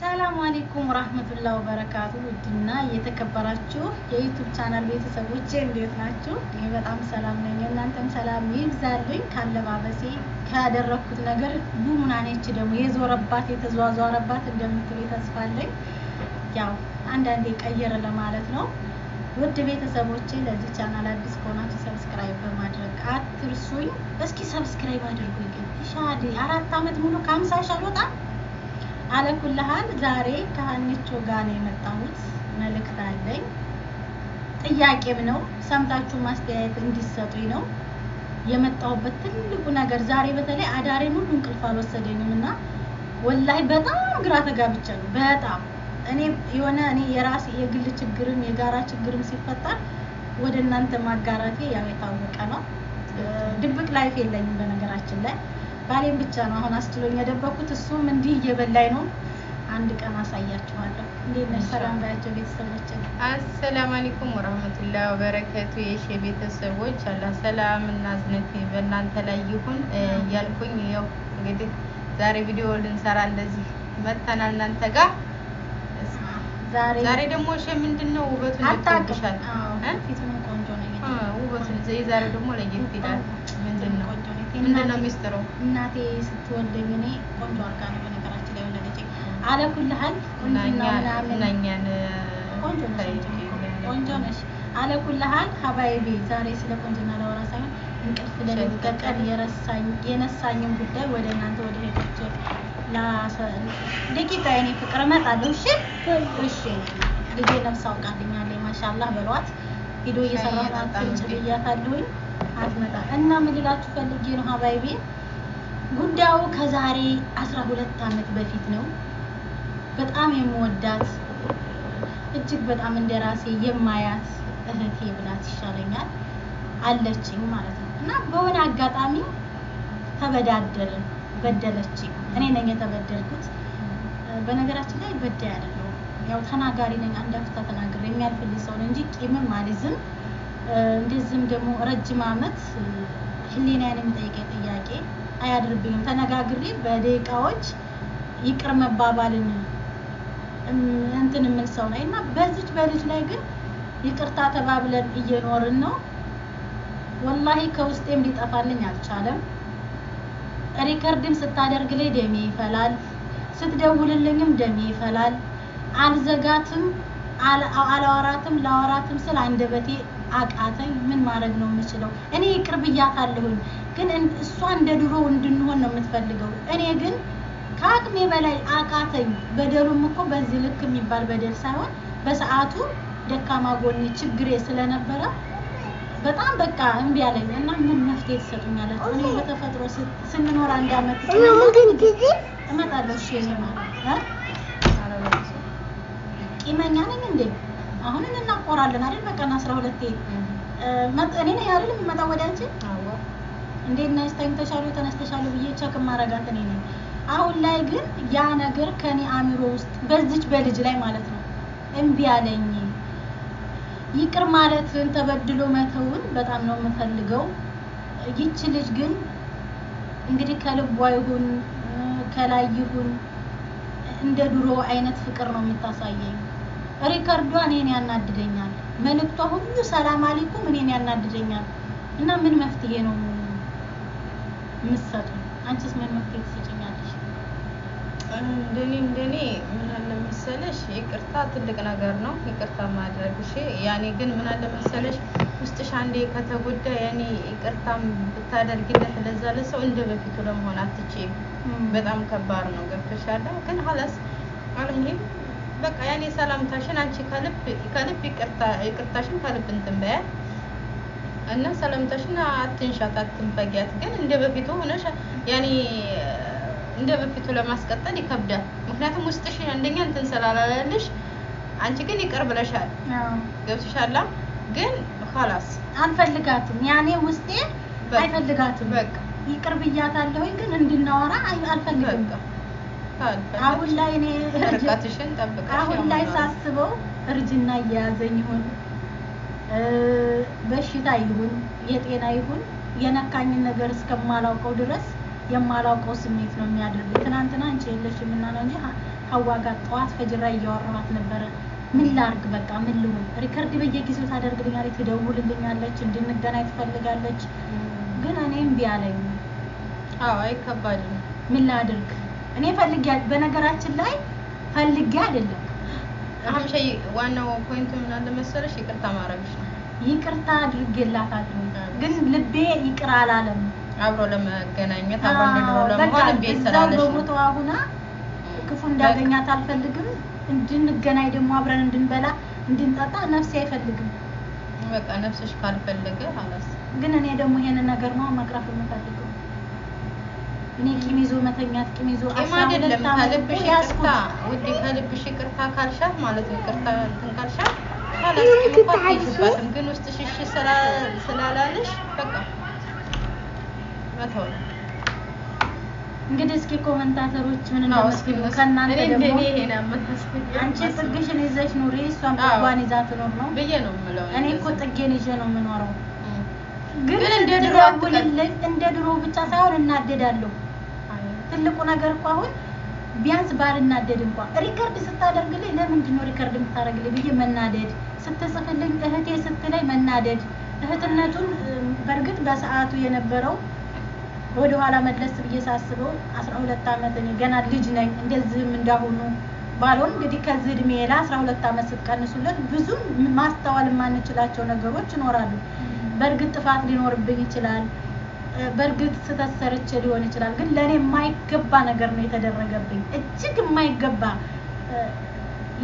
ሰላም አሌይኩም ራህመቱላ ወበረካቱ። ውድና እየተከበራችሁ የዩቱብ ቻናል ቤተሰቦቼ እንዴት ናችሁ? እኔ በጣም ሰላም ነኝ፣ እናንተም ሰላም ይብዛልኝ። ካለባበሴ ካደረግኩት ነገር ቡሙናኔች ደግሞ የዞረባት የተዟዟረባት እንደምትሉ ተስፋለኝ። ያው አንዳንዴ ቀየር ለማለት ነው። ውድ ቤተሰቦቼ ለዚህ ቻናል አዲስ ከሆናችሁ ሰብስክራይብ በማድረግ አትርሱኝ። እስኪ ሰብስክራይብ አድርጉኝ። ግን ሻዲ አራት አመት ሙሉ ከሀምሳ አልወጣም አለኩልሃል ዛሬ ከሀኒቾ ጋር ነው የመጣሁት። መልእክት አለኝ ጥያቄም ነው ሰምታችሁ ማስተያየት እንዲሰጡኝ ነው የመጣሁበት። ትልቁ ነገር ዛሬ በተለይ አዳሬን ሁሉ እንቅልፍ አልወሰደኝም እና ወላሂ በጣም ግራ ተጋብቻለሁ። በጣም እኔ የሆነ እኔ የራሴ የግል ችግርም የጋራ ችግርም ሲፈጠር ወደ እናንተ ማጋራቴ ያው የታወቀ ነው። ድብቅ ላይፍ የለኝም በነገራችን ላይ ባሌን ብቻ ነው አሁን አስችሎኝ የደበኩት። እሱም እንዲህ እየበላኝ ነው። አንድ ቀን አሳያችኋለሁ። እንዴት ነሽ? ሰላም ባያቸው ቤተሰቦች። አሰላም አለይኩም ወራህመቱላሂ ወበረከቱ። የሽ ቤተሰቦች አላ ሰላም እና እዝነት በእናንተ ላይ ይሁን እያልኩኝ ያው እንግዲህ ዛሬ ቪዲዮ ልንሰራ እንደዚህ መተናል እናንተ ጋር ዛሬ ደግሞ እሺ፣ ምንድን ነው ውበቱን አጣቅሻል። አዎ ፊት ምን ቆንጆ ነው። ውበቱን የዛሬው ደግሞ ለየት ይላል። ምንድን ነው ምንድን ነው ሚስጥሩ? እናቴ ስትወልደኝ እኔ ቆንጆ አርጋ ነው በነገራችን ላይ የወለደችኝ። አለኩልሃል ቆንጆና ምናምን ቆንጆ ነሽ፣ ቆንጆ ነሽ አለኩልሃል ሀባይቢ። ዛሬ ስለ ቆንጆና ላወራ ሳይሆን እንቅልፍ ለመቀቀል የረሳኝ የነሳኝን ጉዳይ ወደ እናንተ ወደ ሄዶች ደቂቃ የኔ ፍቅር እመጣለሁ። እሺ እሺ። ልጄ ነፍስ አውቃልኛለች። ማሻላህ በሏት። ሂዶ እየሰራ ጭ ብያታለሁኝ አትመጣም። እና ምን እላችሁ ፈልጌ ነው ሀባይቤ ጉዳዩ ከዛሬ አስራ ሁለት አመት በፊት ነው። በጣም የምወዳት እጅግ በጣም እንደ ራሴ የማያት እህቴ ብላት ይሻለኛል አለችኝ ማለት ነው። እና በሆነ አጋጣሚ ተበዳደርን፣ በደለችኝ። እኔ ነኝ የተበደልኩት። በነገራችን ላይ በዳይ አይደለሁም። ያው ተናጋሪ ነኝ። አንድ አፍታ ተናግሬ የሚያልፍልኝ ሰው ነው እንጂ ቂምም አልይዝም። እንደዚህም ደግሞ ረጅም አመት ህሊናን የሚጠይቀኝ ጥያቄ አያድርብኝም። ተነጋግሬ በደቂቃዎች ይቅር መባባልን እንትን የምል ሰው ነኝ እና በዚች በልጅ ላይ ግን ይቅርታ ተባብለን እየኖርን ነው። ወላሂ ከውስጤም ሊጠፋልኝ አልቻለም። ሪከርድም ስታደርግልኝ ደሜ ይፈላል፣ ስትደውልልኝም ደሜ ይፈላል። አልዘጋትም፣ አላወራትም፣ ላወራትም ስል አንደበቴ አቃተኝ። ምን ማድረግ ነው የምችለው? እኔ ይቅር ብያታለሁኝ፣ ግን እሷ እንደ ድሮ እንድንሆን ነው የምትፈልገው። እኔ ግን ከአቅሜ በላይ አቃተኝ። በደሉም እኮ በዚህ ልክ የሚባል በደል ሳይሆን በሰዓቱ ደካማ ጎኔ ችግሬ ስለነበረ በጣም በቃ እምቢ አለኝ እና ምን መፍትሄ ትሰጡኛላችሁ? እኔ በተፈጥሮ ስንኖር አንድ አመት እመጣለሁ። እሺ ቂመኛ ነኝ እንዴ? አሁን እናቆራለን አይደል? በቀን አስራ ሁለቴ እኔ ነኝ አይደል የምመጣው ወደ አንቺ። እንዴት ነሽ ተኝተሻሉ ተነስተሻሉ ብዬ ቸክ ማረጋት እኔ ነኝ። አሁን ላይ ግን ያ ነገር ከኔ አእምሮ ውስጥ በዚች በልጅ ላይ ማለት ነው እምቢ አለኝ። ይቅር ማለትን ተበድሎ መተውን በጣም ነው የምፈልገው። ይች ልጅ ግን እንግዲህ ከልቧ ይሁን ከላይ ይሁን እንደ ድሮ አይነት ፍቅር ነው የምታሳየኝ። ሪከርዷ እኔን ያናድደኛል። መልእክቷ ሁሉ ሰላም አለይኩም እኔን ያናድደኛል። እና ምን መፍትሄ ነው የምትሰጡኝ? አንቺስ ምን መፍትሄ ትሰጪኛለሽ? እንደኔ እንደኔ ምን አለ መሰለሽ፣ ይቅርታ ትልቅ ነገር ነው። ይቅርታ ማድረግ እሺ። ያኔ ግን ምን አለ መሰለሽ፣ ውስጥሽ አንዴ ከተጎዳ ያኔ ይቅርታም ብታደርግለት ለዛ ለሰው እንደ በፊቱ ለመሆን አትችይም። በጣም ከባድ ነው። ገብቶሻል። ግን ሀላስ አልሄም በቃ ያኔ ሰላምታሽን አንቺ ከልብ ከልብ ይቅርታሽን ከልብ እንትን በያት እና ሰላምታሽን አትንሻት፣ አትንፈጊያት። ግን እንደ በፊቱ ሆነሽ ያኔ እንደ በፊቱ ለማስቀጠል ይከብዳል። ምክንያቱም ውስጥሽ አንደኛ እንትን ስላላለልሽ፣ አንቺ ግን ይቅር ብለሻል። ገብትሻላ። ግን ኋላስ አንፈልጋትም። ያኔ ውስጤ አይፈልጋትም። በቃ ይቅር ብያታለሁኝ፣ ግን እንድናወራ አልፈልግም። አሁን ላይ እኔ አሁን ላይ ሳስበው እርጅና እየያዘኝ ይሁን በሽታ ይሁን የጤና ይሁን የነካኝን ነገር እስከማላውቀው ድረስ የማላውቀው ስሜት ነው የሚያደርገው። ትናንትና አንቺ የለሽም እና ነው እንጂ ሀዋ ጋር ጠዋት ፈጅራ እያወራኋት ነበረ። ምን ላርግ በቃ ምን ልሁን? ሪከርድ በየጊዜው ታደርግልኛለች፣ ትደውልልኛለች፣ እንድንገናኝ ትፈልጋለች። ግን እኔም ቢያለኝ አይ ከባድ ነው ምን ላድርግ እኔ ፈልጌ በነገራችን ላይ ፈልጌ አይደለም። አሁን ሸይ ዋናው ፖይንቱ ምን አለ መሰለሽ ይቅርታ ማረግሽ ነው። ይቅርታ አድርጌላታል፣ ግን ልቤ ይቅር አላለም። አብሮ ለመገናኘት አብሮ እንደሆነ ለመሆን ቤት ይሰላለሽ ነው። ቦታዋ ሁና ክፉ እንዳገኛት አልፈልግም። እንድንገናኝ ደግሞ አብረን እንድንበላ እንድንጠጣ ነፍሴ አይፈልግም። በቃ ነፍስሽ ካልፈለገ አላስ ግን እኔ ደግሞ ይሄንን ነገር ነው መቅረፍ የምፈልገው እኔ ቂም ይዞ መተኛት ቂም ይዞ ከልብሽ ይቅርታ ውዴ፣ ከልብሽ ይቅርታ ካልሻት ማለት ነው። ይቅርታ እንትን ካልሻት አላስቀምጣትም፣ ግን ውስጥሽ እሺ ስላላለሽ በቃ መተው ነው። እንግዲህ እስኪ ኮመንታተሮች ምን እንደምትሉ ከእናንተ ደግሞ አንቺ ጥግሽን ይዘሽ ኑሪ፣ እሷን ጥጓን ይዛ ትኖር ነው ብዬ ነው የምለው። እኔ እኮ ጥጌን ይዤ ነው የምኖረው፣ ግን እንደ ድሮ ብቻ ሳይሆን እናደዳለሁ። ትልቁ ነገር እኮ አሁን ቢያንስ ባልናደድ እንኳ ሪከርድ ስታደርግልኝ ለምንድን ነው ሪከርድ የምታደርግልኝ ብዬ መናደድ፣ ስትጽፍልኝ እህቴ ስትለኝ መናደድ። እህትነቱን በእርግጥ በሰዓቱ የነበረው ወደኋላ መለስ ብዬ ሳስበው አስራ ሁለት ዓመት እኔ ገና ልጅ ነኝ። እንደዚህም እንዳሁኑ ባልሆን እንግዲህ ከዚህ እድሜ አስራ ሁለት ዓመት ስትቀንሱለት ብዙ ማስተዋል የማንችላቸው ነገሮች ይኖራሉ። በእርግጥ ጥፋት ሊኖርብኝ ይችላል በእርግጥ ስህተት ሰርቼ ሊሆን ይችላል፣ ግን ለእኔ የማይገባ ነገር ነው የተደረገብኝ። እጅግ የማይገባ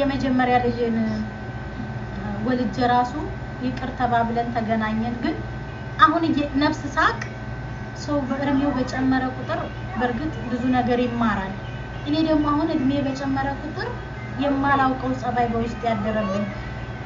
የመጀመሪያ ልጅን ወልጄ ራሱ ይቅር ተባብለን ተገናኘን። ግን አሁን ነፍስ ሳቅ ሰው በእድሜው በጨመረ ቁጥር በእርግጥ ብዙ ነገር ይማራል። እኔ ደግሞ አሁን እድሜ በጨመረ ቁጥር የማላውቀው ጸባይ በውስጥ ያደረብኝ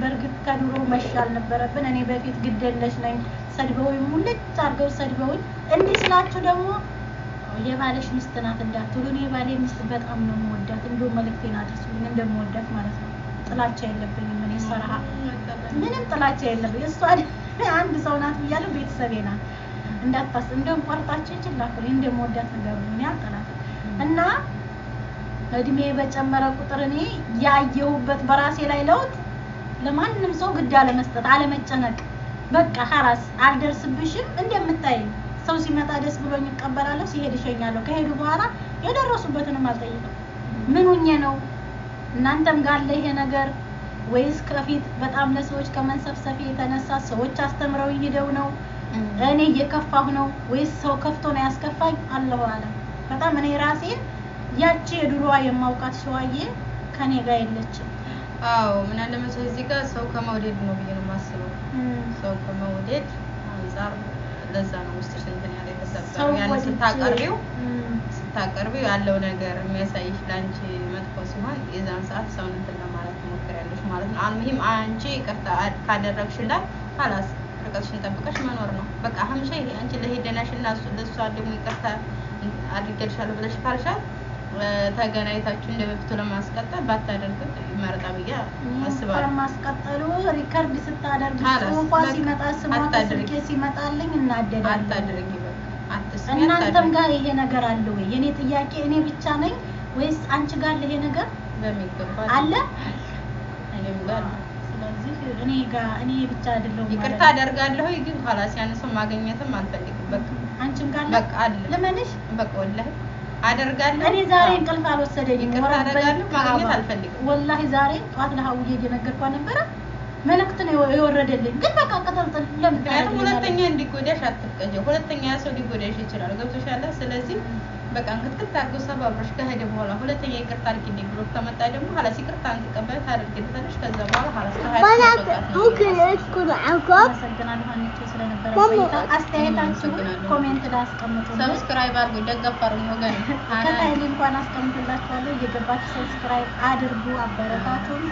በእርግጥ ከድሮ መሻል ነበረብን። እኔ በፊት ግደለች ነኝ ሰድበውኝ ሙልጭ አድርገው ሰድበውኝ። እንዲህ ስላችሁ ደግሞ የባለሽ ሚስት ናት እንዳትሉ። እኔ የባሌ ሚስት በጣም ነው የምወዳት። እንዲሁ መልክቴን አድርሱልኝ እንደምወዳት ማለት ነው። ጥላቻ የለብኝም እኔ ሰርሃ ምንም ጥላቻ የለብኝ። እሷን አንድ ሰው ናት ብያለሁ፣ ቤተሰቤ ናት እንዳታስ እንደውም ቆርጣችሁ ይችላል እንደምወዳት ነገር ነው ያጠላት እና እድሜ በጨመረ ቁጥር እኔ ያየሁበት በራሴ ላይ ለውጥ ለማንም ሰው ግድ አለመስጠት፣ አለመጨነቅ። በቃ ሀራስ አልደርስብሽም። እንደምታይ ሰው ሲመጣ ደስ ብሎኝ እቀበላለሁ፣ ሲሄድ እሸኛለሁ። ከሄዱ በኋላ የደረሱበትንም አልጠይቅም። ምን ሁኜ ነው እናንተም ጋር አለ ይሄ ነገር ወይስ ከፊት በጣም ለሰዎች ከመንሰፍሰፊ የተነሳ ሰዎች አስተምረው ይሄደው ነው እኔ እየከፋሁ ነው ወይስ ሰው ከፍቶ ነው ያስከፋኝ? አለሁ አለ። በጣም እኔ ራሴን ያቺ የድሮዋ የማውቃት ሸዋዬ ከኔ ጋር የለችም። አዎ ምን አለ መሰለኝ እዚህ ጋር ሰው ከመውደድ ነው ብዬ ነው የማስበው። ሰው ከመውደድ አንጻር ለዛ ነው ውስጥሽ እንትን ያለ የተሰጠው። ያለ ስታቀርቢው ስታቀርቢው ያለው ነገር የሚያሳይሽ ለአንቺ መጥፎ ሲሆን የዛን ሰዓት ሰውን እንትን ለማለት ትሞክሪያለሽ ማለት ነው። አሁን ይህም አንቺ ይቅርታ ካደረግሽላት ካላስ ርቀትሽን ጠብቀሽ መኖር ነው በቃ ሀምሻ ይሄ አንቺ ለሄደናሽ እና ለእሷ ደግሞ ይቅርታ አድርገልሻለሁ ብለሽ ካልሻል ተገናኝታችሁ እንደ በፊቱ ለማስቀጠል ባታደርግም ይመረጣ ብዬ አስባለሁ። ማስቀጠሉ ሪከርድ ስታደርግ ጽሁፏ ሲመጣ ስሟ ስልኬ ሲመጣልኝ እናደዳለን። እናንተም ጋር ይሄ ነገር አለ ወይ? የኔ ጥያቄ እኔ ብቻ ነኝ ወይስ አንቺ ጋር አለ ይሄ ነገር? በሚገባ አለ። እኔም ጋር ስለዚህ እኔ ጋር እኔ ብቻ አይደለሁም። ይቅርታ አደርጋለሁ፣ ግን ኋላ ሲያንሰው ማግኘትም አልፈልግም። በቃ አንቺም ጋር በቃ አለ። ልመንሽ በቃ ወላሂ አደርጋለሁ። እኔ ዛሬ እንቅልፍ አልወሰደኝም። ወላሂ ዛሬ ጠዋት ለሀውዬ እየነገርኳ ነበረ። መልእክት ነው የወረደልኝ። ግን በቃ ቀጠልጥል ለምክንያቱም ሁለተኛ እንዲጎዳሽ ሁለተኛ ሰው ሊጎዳሽ ይችላል። ገብቶሻል? ስለዚህ በቃ እንቅጥቅጥ አድርገው ሰባብሮች ከሄደ በኋላ ሁለተኛ ይቅርታ አድርጊልኝ ብሎ ከመጣ ደግሞ ሀላስ ይቅርታ አንጥቀበት ታደርግልታለች። ከዛ በኋላ ሀላስ አመሰግናለሁ። ስለነበረ ቆይታ አስተያየታችሁን ኮሜንት ላይ አስቀምጡ። ሰብስክራይብ አድርጉ፣ ደገፍ ወገን። ከታይል እንኳን አስቀምጡላችኋለሁ። እየገባችሁ ሰብስክራይብ አድርጉ፣ አበረታቱም።